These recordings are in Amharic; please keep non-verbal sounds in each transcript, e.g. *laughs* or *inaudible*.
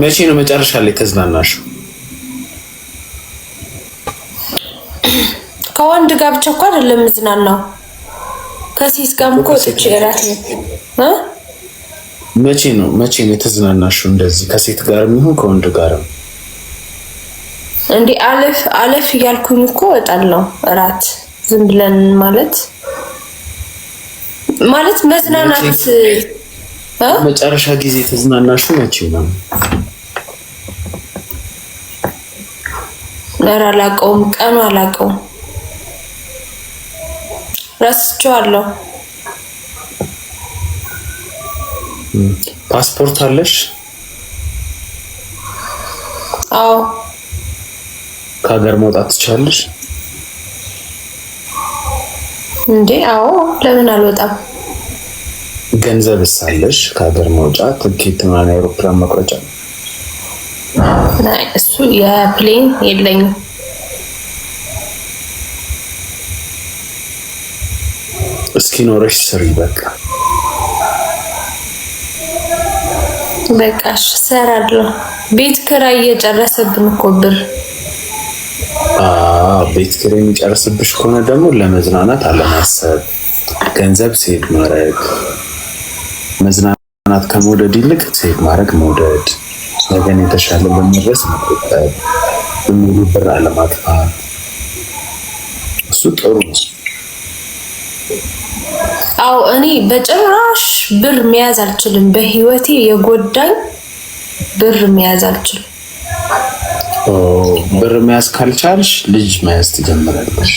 መቼ ነው መጨረሻ ላይ ተዝናናሹ? ከወንድ ጋር ብቻ እኮ አይደለም ዝናናው ከሴት ጋር እኮ ጥጭ እራት ነው። መቼ ነው መቼ ነው የተዝናናሹ? እንደዚህ ከሴት ጋር የሚሆን ከወንድ ጋር እንዲህ አለፍ አለፍ እያልኩኝ እኮ እወጣለሁ። እራት ዝም ብለን ማለት ማለት መዝናናት መጨረሻ ጊዜ ተዝናናሹ መቼ ነው? ኧረ አላውቀውም፣ ቀኑ አላውቀውም፣ ረስቼዋለሁ። ፓስፖርት አለሽ? አዎ። ከሀገር መውጣት ትችላለሽ እንዴ? አዎ፣ ለምን አልወጣም? ገንዘብ ሳለሽ ከሀገር መውጫ ትኬት ምናምን የአውሮፕላን መቁረጫ እሱ የፕሌን የለኝም። እስኪኖረሽ ስሪ በቃ በቃ እሰራለሁ። ቤት ኪራይ እየጨረሰብን እኮ ብር ቤት ኪራይ የሚጨርስብሽ ከሆነ ደግሞ ለመዝናናት አለማሰብ ገንዘብ ሴት ማድረግ መዝናናት ከመውደድ ይልቅ ሴት ማድረግ መውደድ፣ ነገን የተሻለ ለመድረስ መቆጠብ፣ በሙሉ ብር አለማጥፋት፣ እሱ ጥሩ ነው። አው እኔ በጭራሽ ብር መያዝ አልችልም። በህይወቴ የጎዳኝ ብር መያዝ አልችልም። ብር መያዝ ካልቻልሽ ልጅ መያዝ ትጀምራለሽ።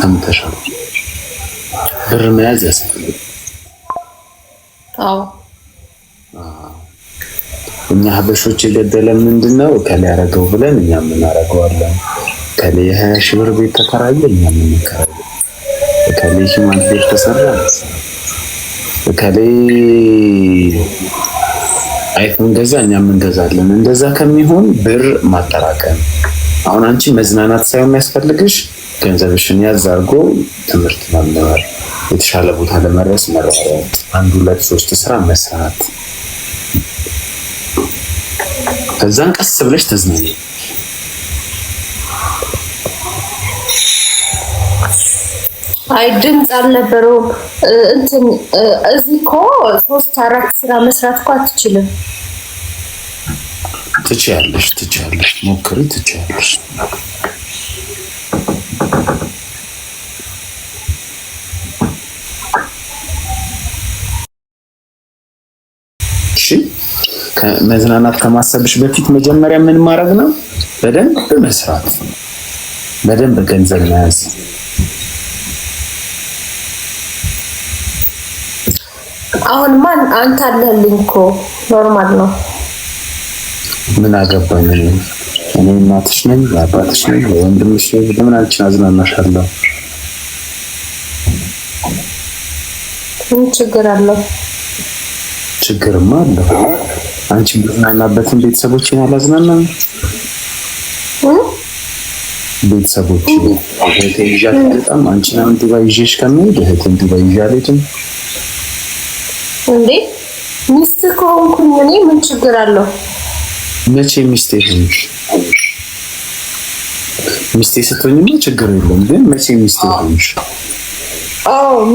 ሰምተሻል? ብር መያዝ ያስፈልጋል። እኛ ሀበሾች የገደለን ምንድን ነው ከሌ ያደረገው ብለን እኛ የምናደርገዋለን። ከሌ የሀያ ሺህ ብር ቤት ተከራየ፣ እኛ የምንከራየ። ከሌ ሂማን ቤት ተሰራ፣ ከሌ አይፎን ገዛ፣ እኛ የምንገዛለን። እንደዛ ከሚሆን ብር ማጠራቀም አሁን አንቺ መዝናናት ሳይሆን የሚያስፈልግሽ ገንዘብሽን ያዝ አድርጎ ትምህርት መማር፣ የተሻለ ቦታ ለመድረስ መረዳት፣ አንድ ሁለት ሶስት ስራ መስራት፣ ከዛን ቀስ ብለሽ ተዝናኝ። አይ ድምፅ አልነበረውም። እንትን እዚህ እኮ ሶስት አራት ስራ መስራት እኮ አትችልም። ትችያለሽ፣ ትችያለሽ፣ ሞክሪ፣ ትችያለሽ። መዝናናት ከማሰብሽ በፊት መጀመሪያ ምን ማድረግ ነው? በደንብ መስራት፣ በደንብ ገንዘብ መያዝ። አሁን ማን አንተ አለህልኝ እኮ ኖርማል ነው። ምን አገባኝ እኔ እናትሽ ነኝ አባትሽ ነኝ ወንድምሽ ነኝ። ለምን አንቺን አዝናናሻለሁ? ምን ችግር አለው? ችግርማ አለው አንቺ የምትዝናናበትን ቤተሰቦችን አላዝናናም። ቤተሰቦች እህቴ ይዣት በጣም አንቺን ዱባይ ይዤሽ ከምሄድ እህቴን ዱባይ ይዤ አልሄድም እንዴ? ሚስት ከሆንኩኝ እኔ ምን ችግር አለው? መቼ ሚስቴ ሆንሽ? ሚስቴ ስትሆኝማ ችግር የለውም። ግን መቼ ሚስቴ ሆንሽ?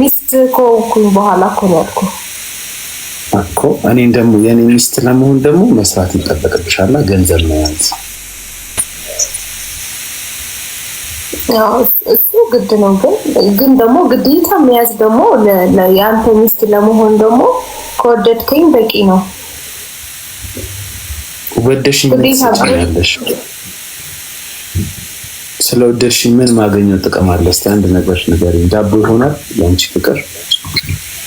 ሚስት ከሆንኩኝ በኋላ እኮ ነው ያልኩህ እኮ እኔን ደግሞ የእኔ ሚስት ለመሆን ደግሞ መስራት ይጠበቅብሻልና ገንዘብ ነው ያንስ እሱ ግድ ነው። ግን ግን ደግሞ ግዴታ መያዝ ደግሞ የአንተ ሚስት ለመሆን ደግሞ ከወደድከኝ በቂ ነው። ወደሽ ወደሽኝ ስለ ወደሽ ምን ማገኘው ጥቅም አለ? እስኪ አንድ ነገር ንገሪኝ። ዳቦ ይሆናል ያንቺ ፍቅር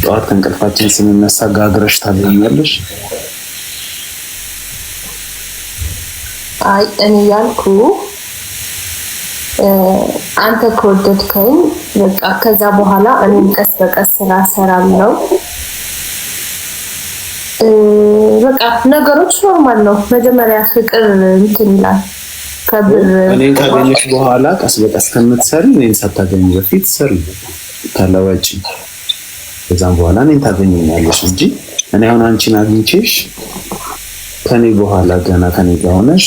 ጠዋት ከእንቅልፋችን ስንነሳ ጋግረሽ ታገኛለሽ። አይ እኔ ያልኩ አንተ ከወደድከኝ በቃ ከዛ በኋላ እኔም ቀስ በቀስ ስራ ሰራለው። በቃ ነገሮች ኖርማል ነው። መጀመሪያ ፍቅር እንትን ይላል። እኔን ካገኘሽ በኋላ ቀስ በቀስ ከምትሰሪ እኔን ሳታገኝ በፊት ስሪ ተለወጪ። ከዛም በኋላ እኔን ታገኘኛለሽ እንጂ እኔ አሁን አንቺን አግኝቼሽ ከኔ በኋላ ገና ከኔ ጋር ሆነሽ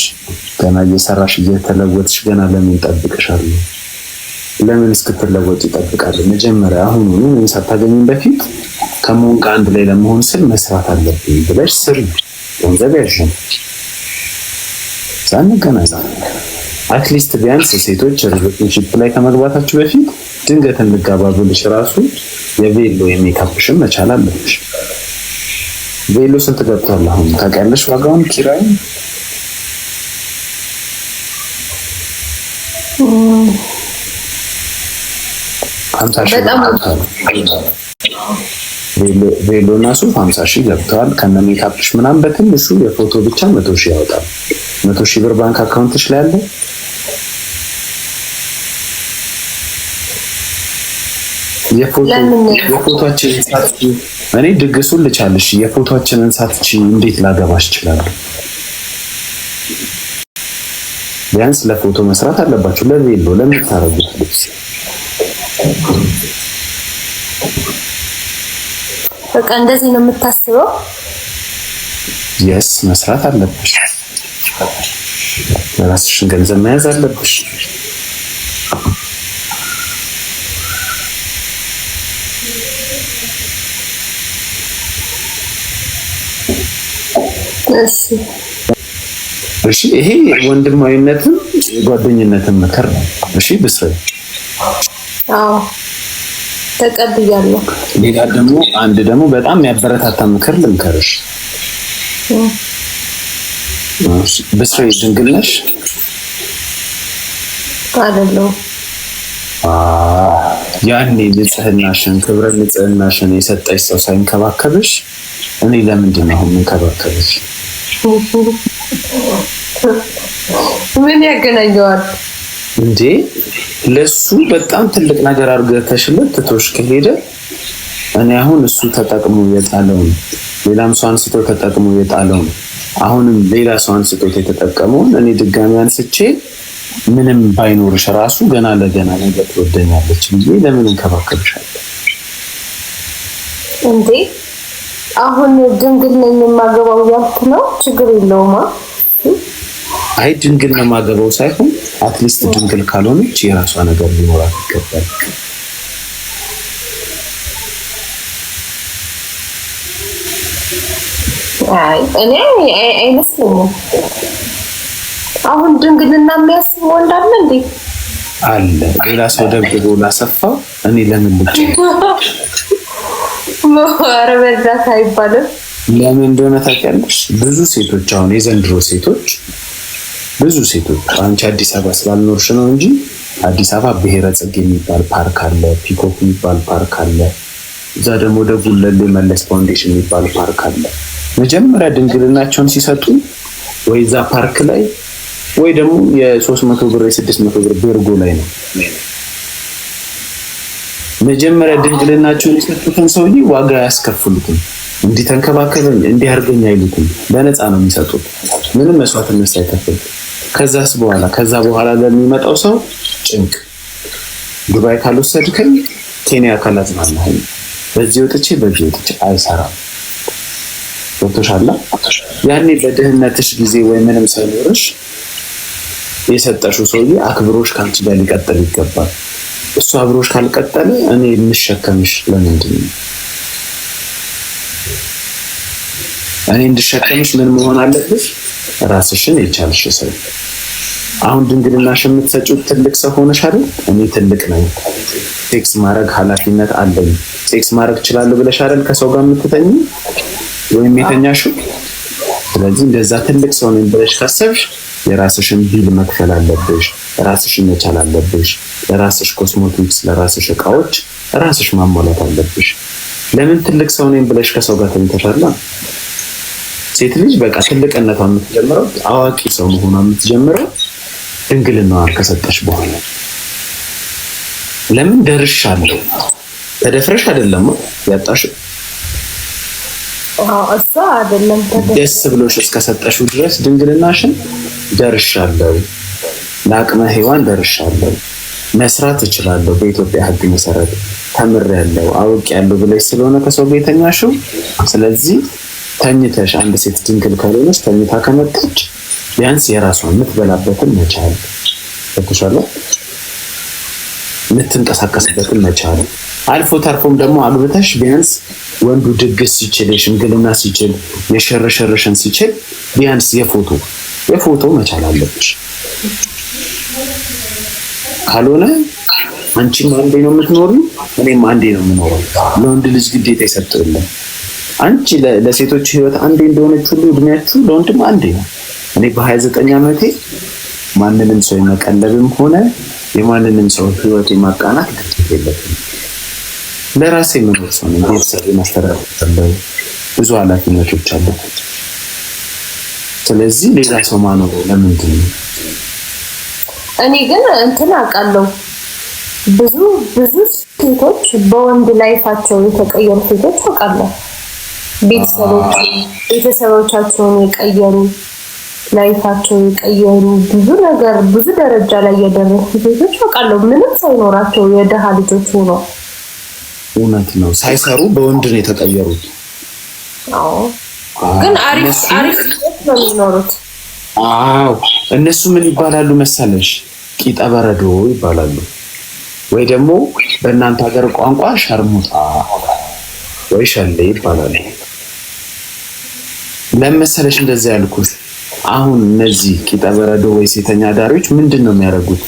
ገና እየሰራሽ እየተለወጥሽ ገና ለምን እጠብቅሻለሁ? ለምን እስክትለወጥ ይጠብቃል? መጀመሪያ አሁን ምን ሳታገኝም በፊት ከመሆን ከአንድ ላይ ለመሆን ስል መስራት አለብኝ ብለሽ ስር ገንዘብ ያዥም ዛን ገና አትሊስት ቢያንስ ሴቶች ሪሌሽንሽፕ ላይ ከመግባታችሁ በፊት ድንገት እንጋባ ብልሽ ራሱ የቬሎ የሜካፕሽን መቻል አለብሽ። ቬሎ ስንት ገብቷል አሁን ታውቂያለሽ? ዋጋውን ኪራይ ቬሎና ሱፍ ሀምሳ ሺህ ገብተዋል ከነ ሜካፕሽ ምናምን። በትንሹ የፎቶ ብቻ መቶ ሺህ ያወጣል። መቶ ሺህ ብር ባንክ አካውንትሽ ላይ አለ የፎቶአችንን ሳትች እኔ ድግሱን ልቻልሽ። የፎቶአችንን ሳትች እንዴት ላገባሽ ይችላል? ቢያንስ ለፎቶ መስራት አለባችሁ። ለቤሎ ለምታረጉት ልብስ በቃ እንደዚህ ነው የምታስበው። የስ መስራት አለብሽ። ለራስሽን ገንዘብ መያዝ አለብሽ። እሺ ይሄ ወንድማዊነትም የጓደኝነትን ምክር ነው። እሺ አዎ ተቀብያለሁ። ሌላ ደግሞ አንድ ደግሞ በጣም ያበረታታ ምክር ልምከርሽ። ብስረ ድንግል ነሽ ያኔ ንጽህናሽን ክብረ ንጽህናሽን የሰጠች ሰው ሳይንከባከብሽ እኔ ለምንድን ነው የምንከባከብሽ? ምን ያገናኘዋል እንዴ? ለሱ በጣም ትልቅ ነገር አድርገህ ተሽለት ትቶሽ ከሄደ እኔ አሁን እሱ ተጠቅሞ የጣለው ነው። ሌላም ሰው አንስቶ ተጠቅሞ የጣለው ነው። አሁንም ሌላ ሰው አንስቶት የተጠቀመውን እኔ ድጋሚ አንስቼ ምንም ባይኖርሽ ራሱ ገና ለገና ነገር ትወደኛለች ብዬ ለምን እንከባከብሻለሁ እንዴ? አሁን ድንግል ነኝ የማገባው ያልክ ነው። ችግር የለውማ። አይ ድንግል የማገባው ሳይሆን አትሊስት ድንግል ካልሆነች የራሷ ነገር ሊኖራት ይገባል። እኔ አይመስለኝም። አሁን ድንግልና የሚያስብ ወንድ እንዴ? አለ። ሌላ ሰው ደብድቦ ላሰፋው እኔ ለምን ልጅ *laughs* ኧረ አይባልም። ለምን እንደሆነ ታውቂያለሽ? ብዙ ሴቶች አሁን የዘንድሮ ሴቶች ብዙ ሴቶች አንቺ አዲስ አበባ ስላልኖርሽ ነው እንጂ አዲስ አበባ ብሔረ የሚባል ፓርክ አለ፣ ፒኮክ የሚባል ፓርክ አለ፣ እዛ ደግሞ ወደ ጉለሌ መለስ ፋውንዴሽን የሚባል ፓርክ አለ። መጀመሪያ ድንግልናቸውን ሲሰጡ ወይ እዛ ፓርክ ላይ ወይ ደግሞ የሶስት መቶ ብር የስድስት መቶ ብር ቤርጎ ላይ ነው መጀመሪያ ድንግልናቸውን የሰጡትን ሰውዬ ዋጋ አያስከፍሉትም። እንዲተንከባከብ እንዲያርገኝ አይሉትም። በነፃ ነው የሚሰጡት፣ ምንም መስዋዕትነት ሳይከፍል። ከዛስ በኋላ ከዛ በኋላ ለሚመጣው ሰው ጭንቅ ዱባይ ካልወሰድከኝ ኬንያ ካላዝናናኸኝ በዚህ ወጥቼ በዚህ ወጥቼ አይሰራም። ገብቶሻላ። ያኔ በድህነትሽ ጊዜ ወይ ምንም ሳይኖርሽ የሰጠሽው ሰውዬ አክብሮሽ ከአንቺ ጋር ሊቀጥል ይገባል። እሱ አብሮሽ ካልቀጠለ እኔ የምሸከምሽ ለምንድን ነው? እኔ እንድሸከምሽ ምን መሆን አለብሽ? ራስሽን የቻልሽ ሰው። አሁን ድንግልናሽ የምትሰጪው ትልቅ ሰው ሆነሽ አይደል? እኔ ትልቅ ነኝ፣ ሴክስ ማድረግ ኃላፊነት አለኝ፣ ሴክስ ማድረግ እችላለሁ ብለሽ አይደል ከሰው ጋር የምትተኝ ወይም የተኛሽው። ስለዚህ እንደዛ ትልቅ ሰው ነኝ ብለሽ ካሰብሽ የራስሽን ቢል መክፈል አለብሽ። ራስሽን መቻል አለብሽ። ለራስሽ ኮስሞቲክስ፣ ለራስሽ እቃዎች ራስሽ ማሟላት አለብሽ። ለምን ትልቅ ሰው ነኝ ብለሽ ከሰው ጋር ተኝተሻላ? ሴት ልጅ በቃ ትልቅነቷ የምትጀምረው አዋቂ ሰው መሆኗ የምትጀምረው ድንግልናዋን ከሰጠሽ በኋላ ለምን አለው ተደፍረሽ አይደለም ያጣሽው ደስ ብሎሽ እስከሰጠሽው ድረስ ድንግልናሽን ደርሻለሁ፣ ለአቅመ ሔዋን ደርሻለሁ፣ መስራት እችላለሁ፣ በኢትዮጵያ ሕግ መሰረት ተምሬያለሁ፣ አውቄያለሁ ብለሽ ስለሆነ ከሰው ጋር የተኛሽው። ስለዚህ ተኝተሽ አንድ ሴት ድንግል ካልሆነች ተኝታ ከመጣች ቢያንስ የራሷን የምትበላበትን መቻል ተሻለ የምትንቀሳቀስበትን መቻል አልፎ ተርፎም ደግሞ አግብተሽ ቢያንስ ወንዱ ድግስ ሲችል የሽምግልና ሲችል የሸረሸረሽን ሲችል ቢያንስ የፎቶ የፎቶ መቻል አለብሽ። ካልሆነ አንቺም አንዴ ነው የምትኖሩ፣ እኔም አንዴ ነው የምኖረው። ለወንድ ልጅ ግዴታ ይሰጥልኝ። አንቺ ለሴቶች ህይወት አንዴ እንደሆነች ሁሉ እድሜያችሁ ለወንድም አንዴ ነው። እኔ በሀያ ዘጠኝ ዓመቴ ማንንም ሰው የመቀለብም ሆነ የማንንም ሰው ህይወት የማቃናት ግዴታ የለብኝ። ለራሴ የምኖር ሰው ቤተሰብ ማስተዳደር ብዙ ኃላፊነቶች አለበት። ስለዚህ ሌላ ሰው ማኖረው ለምንድን ነው? እኔ ግን እንትን አውቃለሁ። ብዙ ብዙ ሴቶች በወንድ ላይፋቸው የተቀየሩ ሴቶች አውቃለሁ። ቤተሰቦች ቤተሰቦቻቸውን የቀየሩ ላይፋቸው የቀየሩ ብዙ ነገር ብዙ ደረጃ ላይ የደረሱ ሴቶች አውቃለሁ። ምንም ሳይኖራቸው የድሃ ልጆች ሆኖ እውነት ነው ሳይሰሩ በወንድ ነው የተቀየሩት። ግን አሪፍ አሪፍ ነው የሚኖሩት። አዎ እነሱ ምን ይባላሉ መሰለሽ? ቂጠ በረዶ ይባላሉ፣ ወይ ደግሞ በእናንተ ሀገር ቋንቋ ሸርሙጣ ወይ ሸሌ ይባላሉ። ለመሰለሽ እንደዚህ ያልኩት። አሁን እነዚህ ቂጠ በረዶ ወይ ሴተኛ አዳሪዎች ምንድን ነው የሚያደርጉት?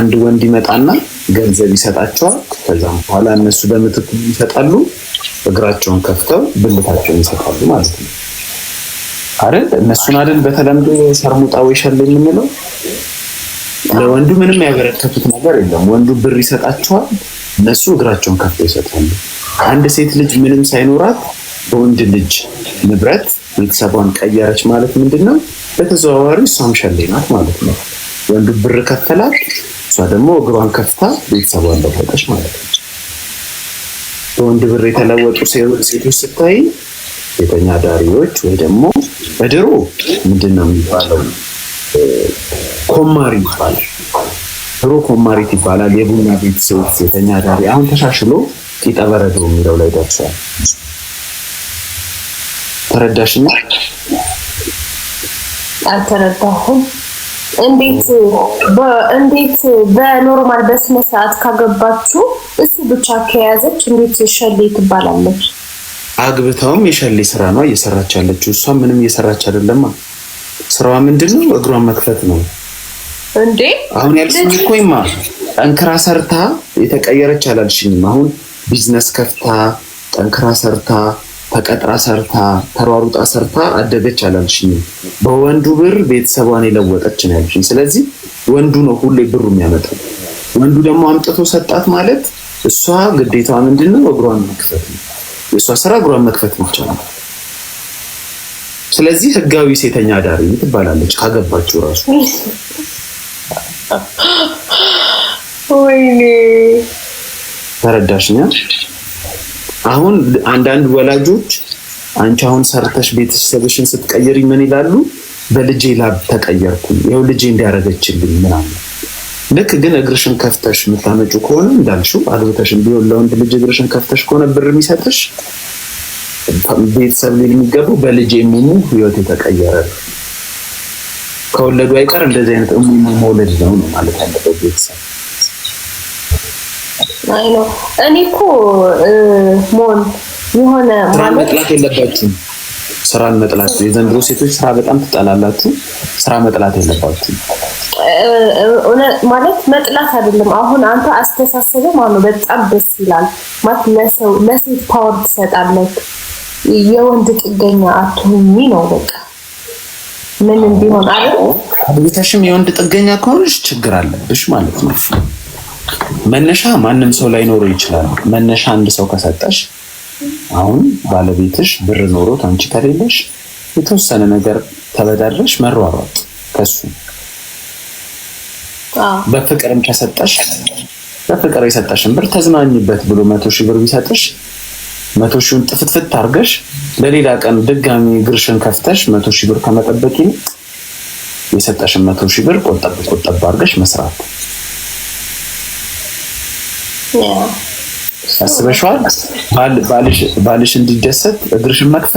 አንድ ወንድ ይመጣና ገንዘብ ይሰጣቸዋል። ከዛም በኋላ እነሱ በምትኩ ይሰጣሉ። እግራቸውን ከፍተው ብልታቸውን ይሰጣሉ ማለት ነው አይደል? እነሱን አይደል በተለምዶ ሰርሙጣ ወይ ሸል የምንለው። ለወንዱ ምንም ያበረከቱት ነገር የለም። ወንዱ ብር ይሰጣቸዋል፣ እነሱ እግራቸውን ከፍተው ይሰጣሉ። አንድ ሴት ልጅ ምንም ሳይኖራት በወንድ ልጅ ንብረት ቤተሰቧን ቀየረች ማለት ምንድን ነው? በተዘዋዋሪ እሷም ሸሌ ናት ማለት ነው። ወንዱ ብር ከፈላት እሷ ደግሞ እግሯን ከፍታ ቤተሰቧን ለወጠች ማለት ነው። በወንድ ብር የተለወጡ ሴቶች ስታይ ሴተኛ ዳሪዎች ወይ ደግሞ በድሮ ምንድን ነው የሚባለው? ኮማሪ ይባላል። ድሮ ኮማሪት ይባላል። የቡና ቤት ሴት ሴተኛ ዳሪ አሁን ተሻሽሎ ቂጠ የሚለው ላይ ደርሷል። ተረዳሽና አልተረዳሁም። እንዴት በኖርማል በስነ ስርዓት ካገባችሁ እሱ ብቻ ከያዘች እንዴት ሸሌ ትባላለች? አግብታውም የሸሌ ስራ ነው እየሰራች ያለችው። እሷ ምንም እየሰራች አይደለማ። ስራዋ ምንድን ነው? እግሯን መክፈት ነው እንዴ? አሁን ያልሽኝ እኮ ይማ ጠንክራ ሰርታ የተቀየረች አላልሽኝም? አሁን ቢዝነስ ከፍታ ጠንክራ ሰርታ ተቀጥራ ሰርታ ተሯሩጣ ሰርታ አደገች አላልሽኝም። በወንዱ ብር ቤተሰቧን የለወጠች ነው ያልሽኝ። ስለዚህ ወንዱ ነው ሁሌ ብሩ የሚያመጣው። ወንዱ ደግሞ አምጥቶ ሰጣት ማለት እሷ ግዴታዋ ምንድን ነው? እግሯን መክፈት ነው የእሷ ስራ፣ እግሯን መክፈት መቻል ነው። ስለዚህ ህጋዊ ሴተኛ አዳሪ ትባላለች ካገባችው ራሱ ወይኔ ተረዳሽኛ አሁን አንዳንድ ወላጆች አንቺ አሁን ሰርተሽ ቤተሰብሽን ስትቀይሪ ምን ይላሉ? በልጄ ላብ ተቀየርኩኝ፣ ይኸው ልጄ እንዲያደረገችልኝ ምናምን። ልክ ግን እግርሽን ከፍተሽ የምታመጩ ከሆነ እንዳልሽው አግብተሽን ቢሆን ለወንድ ልጅ እግርሽን ከፍተሽ ከሆነ ብር የሚሰጥሽ ቤተሰብ ሊል የሚገባው በልጅ የሚሙ ህይወት የተቀየረ ከወለዱ አይቀር እንደዚህ አይነት እሙ መውለድ ነው ነው ማለት ያለበት ቤተሰብ አይ ነው እኔ እኮ ሞን የሆነ ስራን መጥላት የለባችሁም። ስራን መጥላት የዘንድሮ ሴቶች ስራ በጣም ትጠላላችሁ። ስራ መጥላት የለባችሁም ማለት መጥላት አይደለም። አሁን አንተ አስተሳሰበ ማለት በጣም ደስ ይላል። ማለት ለሰው ለሴት ፓወር ትሰጣለች። የወንድ ጥገኛ አትሁኚ ነው በቃ ምን እንዲሆን አይደል። አብታሽም የወንድ ጥገኛ ከሆነሽ ችግር አለብሽ ማለት ነው። መነሻ ማንም ሰው ላይኖረው ይችላል። መነሻ አንድ ሰው ከሰጠሽ አሁን ባለቤትሽ ብር ኖሮት አንቺ ከሌለሽ የተወሰነ ነገር ተበዳድረሽ መሯሯጥ ከሱ በፍቅርም ከሰጠሽ በፍቅር የሰጠሽን ብር ተዝናኝበት ብሎ መቶ ሺህ ብር ቢሰጥሽ መቶ ሺውን ጥፍትፍት አድርገሽ ለሌላ ቀን ድጋሚ ግርሽን ከፍተሽ መቶ ሺህ ብር ከመጠበቅ ይልቅ የሰጠሽን መቶ ሺህ ብር ቆጠብ ቆጠብ አድርገሽ መስራት አስበሽዋል? ባልሽ እንዲደሰት እግርሽን መክፈት